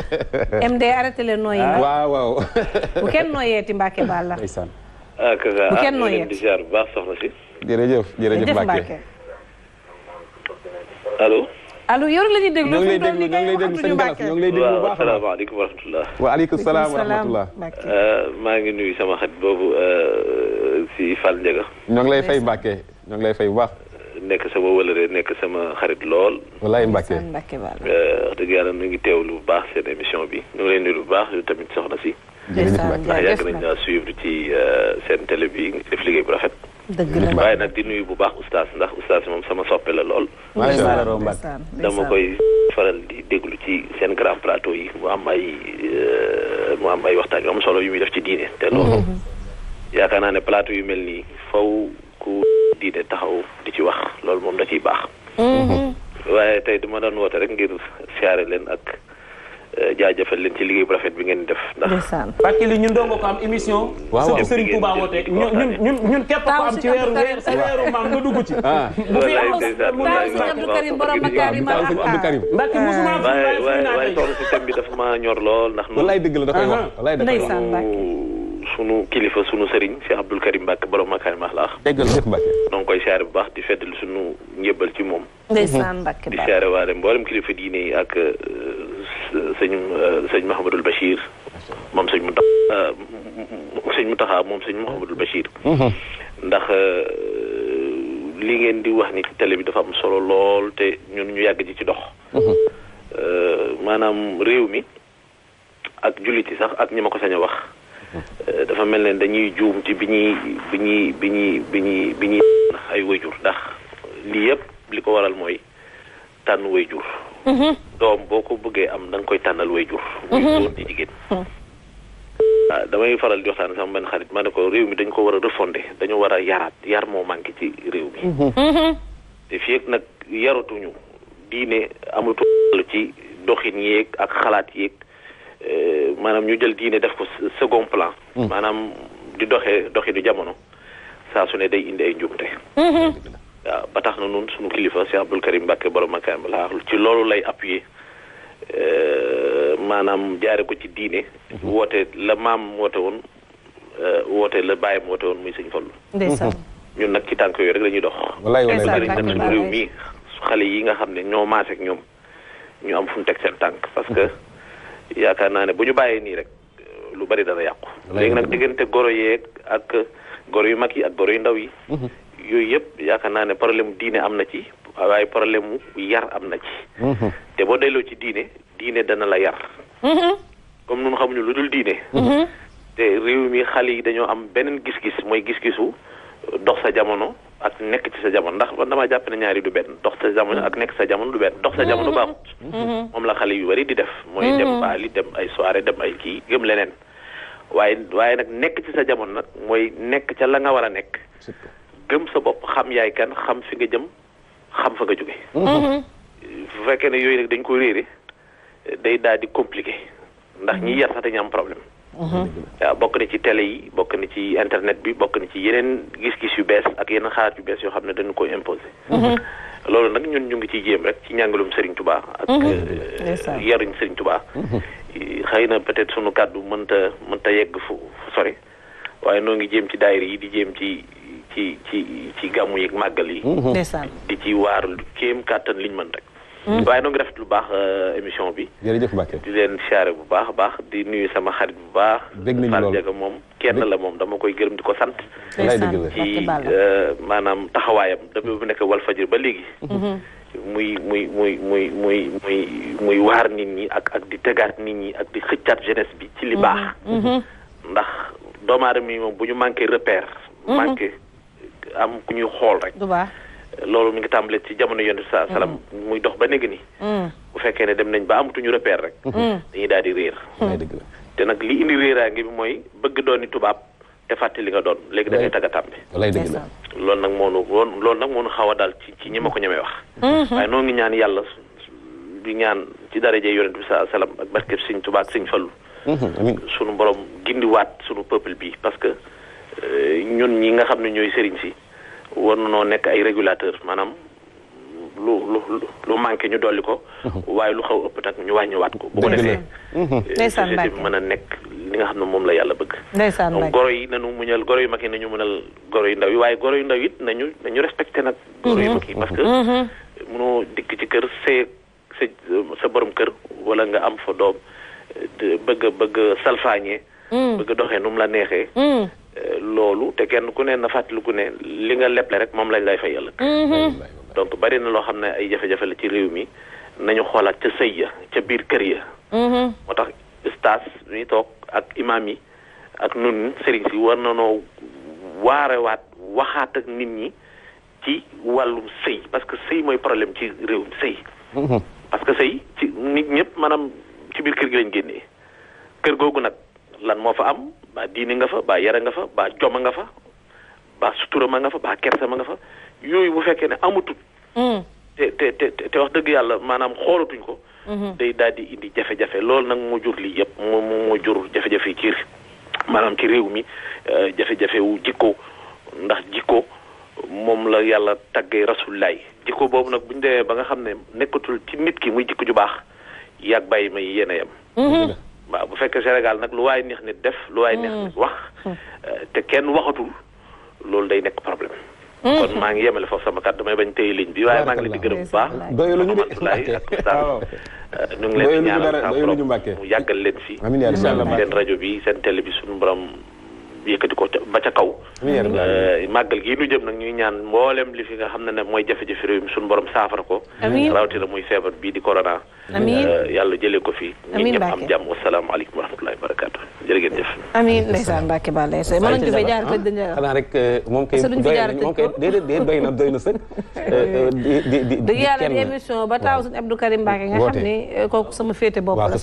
MD arrêté leen nooyi. Ah. waaw waaw. bu kenn nooyeeti Mbacke baal la. ndeysaan. ah Kaka bu kenn ah, nooyeeti di ziar bu baax soxna si. jërëjëf jërëjëf Mbacke. allo. allo yow la ñuy déglu ñu ngi lay déglu ñu ngi lay déglu sëñ Gallas ñu ngi lay déglu bu baax asalaamaaleykum wa rahmatulah. waaleykum salaam wa rahmatulah. Euh, maa ngi nuyu sama xarit boobu euh, si Fall Ndiaga. ñoo ngi lay fay Mbacke ñoo ngi lay fay bu baax. nekk sama wëlëre nekk sama xarit lool. wallaay Mbacke dëgg yàlla nu ngi teewlu bu baax seen émission bi nu ngi leen nuyu bu baax yow tamit soxna si. jërëjëf ndax yàgg nañ naa suivre ci euh, seen télé bi ngi def liggéey bu rafet. dëgg nag di nuyu bu baax oustaz ndax oustaz moom sama soppe la lool. dama koy faral di déglu ci seen grand plateau yi mu am ay euh, mu am ay waxtaan yu am solo yu muy def ci diine te loolu. Mm-hmm. yaakaar naa ne plateau yu mel nii faw ku diine taxaw di ci wax loolu moom da ciy baax. Mm-hmm. waaye tey du ma doon woote rek ngir siyaare leen ak eh, jaajëfal leen ci liggéey bu rafet bi ngeen def. ndax fàttali li ñun doonga ko am émission. waaw waaw sëriñ Touba woote ñun ñun ñun képp ko am ci weeru weer sa weeru maam nga dugg ci. Ah. bu fi am Abdou Karim borom Makarim Abdou Karim. Mbacke musuma fi waaye waaye soxna si thème bi dafa ma ñor lool ndax. wallaay dëgg la da koy wax uh-huh. wallaay da koy wax. sunu kilifa sunu sëriñ Cheikh Abdoul Karim Mbacke borom Makarimal Akhlaq. déggal jëf Mbacke. noo koy siyaare bu baax di feddali sunu njëbbal ci moom. ndeysaan Mbacke di siyaare waale mboolem kilifa diine yi ak euh, sëñ euh, sëñ Mahamadul Bachir. moom sëñ mu tax euh, sëñ mu taxaa moom sëñ Mahamadul Bachir. Mm-hmm. ndax li ngeen di wax ni ci télé bi dafa lool te ñu yàgg ji ci dox. Mm-hmm. maanaam réew mi ak jullit yi sax ak ñi ma ko sañ a wax. Euh, dafa mel ne dañuy juum ci bi ñuy bi ñuy bi ñuy bi ñuy bi ñuy ay wayjur ndax lii yëpp li ko waral mooy tànn wayjur mhm. doom boo ko bëggee am da koy tànnal wayjur mhm. muy góor di jigéen mhm. ah, damay faral di waxtaan sama benn xarit ma ne ko réew mi dañ ko war a refondé dañu war a yaraat yar moo manqué ci réew mi te fii ak nag yaratuñu diine amatu ci doxin yéeg ak xalaat yéeg maanaam ñu jël diine def ko second plan. Hmm. maanaam di doxe doxi du jamono saa su ne day indi ay njuumte. Mm-hmm. waaw ba tax na nun suñu kilifa si Abdul Karim Mbàkke borom Makaarim al-Axlaaq ci loolu lay appuyer euh, maanaam ko ci diine. Hmm. woote la maam woote woon euh, la bàyyam woote woon muy sëñ Fallu. ndeysaan hmm. ñun nag ci tànk yi xam ne ñoo maase ak ñoom ñu am fu mu teg seen tànk parce que. yaakaar naa ne bu ñu bàyyee nii rek lu bari dana yàqu. léegi nag diggante goro yeeg ak goro yu mag yi ak goro yu ndaw yi. Mhm. yooyu yëpp yaakaar naa ne problème diine am na ci waaye problème mu yar am na ci. Mhm. te boo delloo ci diine diine dana la yar. Mhm. comme nun xamuñu lu dul diine. te réew mi xale yi dañoo am beneen gis-gis mooy gis-gisu dox sa jamono. ak nekk ci sa jamono ndax man damaa jàpp ne ñaari du benn dox sa jamono ak nekk sa jamono du benn dox sa jamono baaxut mm-hmm. moom la xale yu bari di def mooy dem mm-hmm. li dem ay soirée dem ay kii gëm leneen waaye waaye nag nekk ci sa jamono nag mooy nekk ca la nga war a nekk gëm sa bopp xam yaay kan xam fi nga jëm xam fa nga jóge bu mm-hmm. fekkee ne yooyu nag dañ ko réere day daal di compliqué ndax ñii yar sax dañu am problème Uh-huh. waaw bokk na ci télé yi bokk na ci internet bi bokk na ci yeneen gis-gis yu bees ak yeneen xalaat yu bees yoo xam ne dañu ko imposé uh-huh. loolu nag ñun ñu ngi ciy jéem rek ci njàngalum Serigne Touba ak uh-huh. euh, yaruñ Serigne Touba xëy na peut-être sunu kàddu mënta mënta yegg fu sori waaye noo ngi jéem ci daayira yi di jéem ci ci ci ci gàmmu yi màggal yi di ci waar kéem kàttan liñ mën rek Hmm. waaye noo ngi rafet lu baax euh, émission bi. jërëjëf Mbacke di leen siyaare bu baax a baax di nuyu sama xarit bu baax. dégg nañu loolu moom kenn la moom dama koy gërëm di ko sant. ci euh, maanaam taxawaayam depuis bu nekk Walfadjri ba léegi. Mm-hmm. muy muy muy muy muy muy muy waar nit ñi ak ak di tegaat nit ñi ak di xëccaat jeunesse bi ci li mm-hmm. baax. Mm-hmm. ndax doomu aadama yi bu ñu manqué repère. manqué am ku ñuy xool rek. loolu mi ngi tàmbale ci jamono yonent sa salaam mm. muy dox ba néeg ni mm. bu fekkee ne dem nañ ba amatuñu repère rek mm. dañuy daal di réer te nag li indi réeraange bi mooy bëgg dooni tubaab te fàtte li nga doon léegi da ngay tagga tàmbe loolu nag moonu loolu nag moonu xaw a daal ci ci ñi ko ñemee wax mm-hmm. waaye noo ngi ñaan yàlla di ñaan ci darajee yonent bi sa salaam ak barkeb sëñ Tuubaa ak sëñ Fallu mm-hmm. sunu borom gindiwaat sunu peuple bi parce que euh, ñun ñi nga xam ne ñooy sëriñ si war nañoo nekk ay régulateur maanaam lu lu lu manqué ñu dolli ko. waaye lu xaw ëpp tak ñu wàññiwaat ko. bu ko defee mhm. eh, société bi mën a nekk li nga xam ne moom la yàlla bëgg. ndeysaan donc goro yi mu muñal goro yu mag yi nañu mënal yu ndaw yi waaye goro yu ndaw it nañu nañu respecté nag. goro yu mhm. mag yi parce que. Mhm. mënoo dikk ci kër see sa sa borom kër wala nga am fa doom eh, bëgg bëgg salfaañee. bëgg doxee nu mu la neexee. loolu te genn ku ne na fàttaliku ne li nga leble rek moom lañ lay fa ëllëg mm-hmm. donc bari na loo xam ne ay jafe-jafe la ci réew mi nañu xoolaat ca sëy ya ca biir kër ya mm-hmm. moo tax ustaas ñuy toog ak imaam yi ak nun sëriñ si war na noo waarewaat waxaat ak nit ñi ci wàllum sëy parce que sëy mooy problème ci réewum sëy mm-hmm. parce que sëy ci nit ñëpp maanaam ci biir kër gi lañ génnee kër googu nag lan moo fa am baa diine nga fa baa yara nga fa baa joma nga fa baa suturama nga fa baa kersama nga fa yooyu bu fekkee ne amatul mm. te te te wax dëgg yàlla maanaam xoolatuñ ko mm-hmm. day daal di indi jafe-jafe loolu nag moo jur lii yëpp moo moo jur jafe-jafe maanaam ci réew mi euh, jafe-jafe wu jikko ndax jikko moom la yàlla taggee lay jikko boobu nag buñ ñu demee ba nga xam ne nekkatul ci nit ki muy jikko ju baax yàgg bàyyi may yéen a yem waaw bu fekkee Sénégal nag lu waay neex nit def lu waay neex nit wax hmm. euh, te kenn waxatul loolu day nekk problème hmm. kon maa ngi yemale foofu sama kàddu damay bañ téye ligne bi waaye maa ngi leen di gërëm bu baax doyu a ñu de Mbàkke ah, euh, ñu ngi leen di ñaanal mu yàggal leen fi leen rajo bi seen télé bi suñu yëkkati ko ba ca kaw. Euh, màggal gii nu jëm nag ñuy ñaan mboolem li fi nga xam ne ne mooy jafe-jafe réew mi suñu borom saafara ko. amiin rawatina muy feebar bii di corona. amiin euh, yàlla jëlee ko fi. amiin ñëpp am jàmm wasalaamaaleykum wa rahmatulahi wa barakaatu jërë ngeen jëf. amiin ndeysaan Mbacke Ba ndeysaan mën nañu ko fee jaar tëj dañu ah, xanaa rek euh, moom kay doy na doy na doy na sëkk. di di di di kenn dëgg yàlla ba taaw suñu Abdou Karim Mbacke nga xam ne kooku sama féete bopp la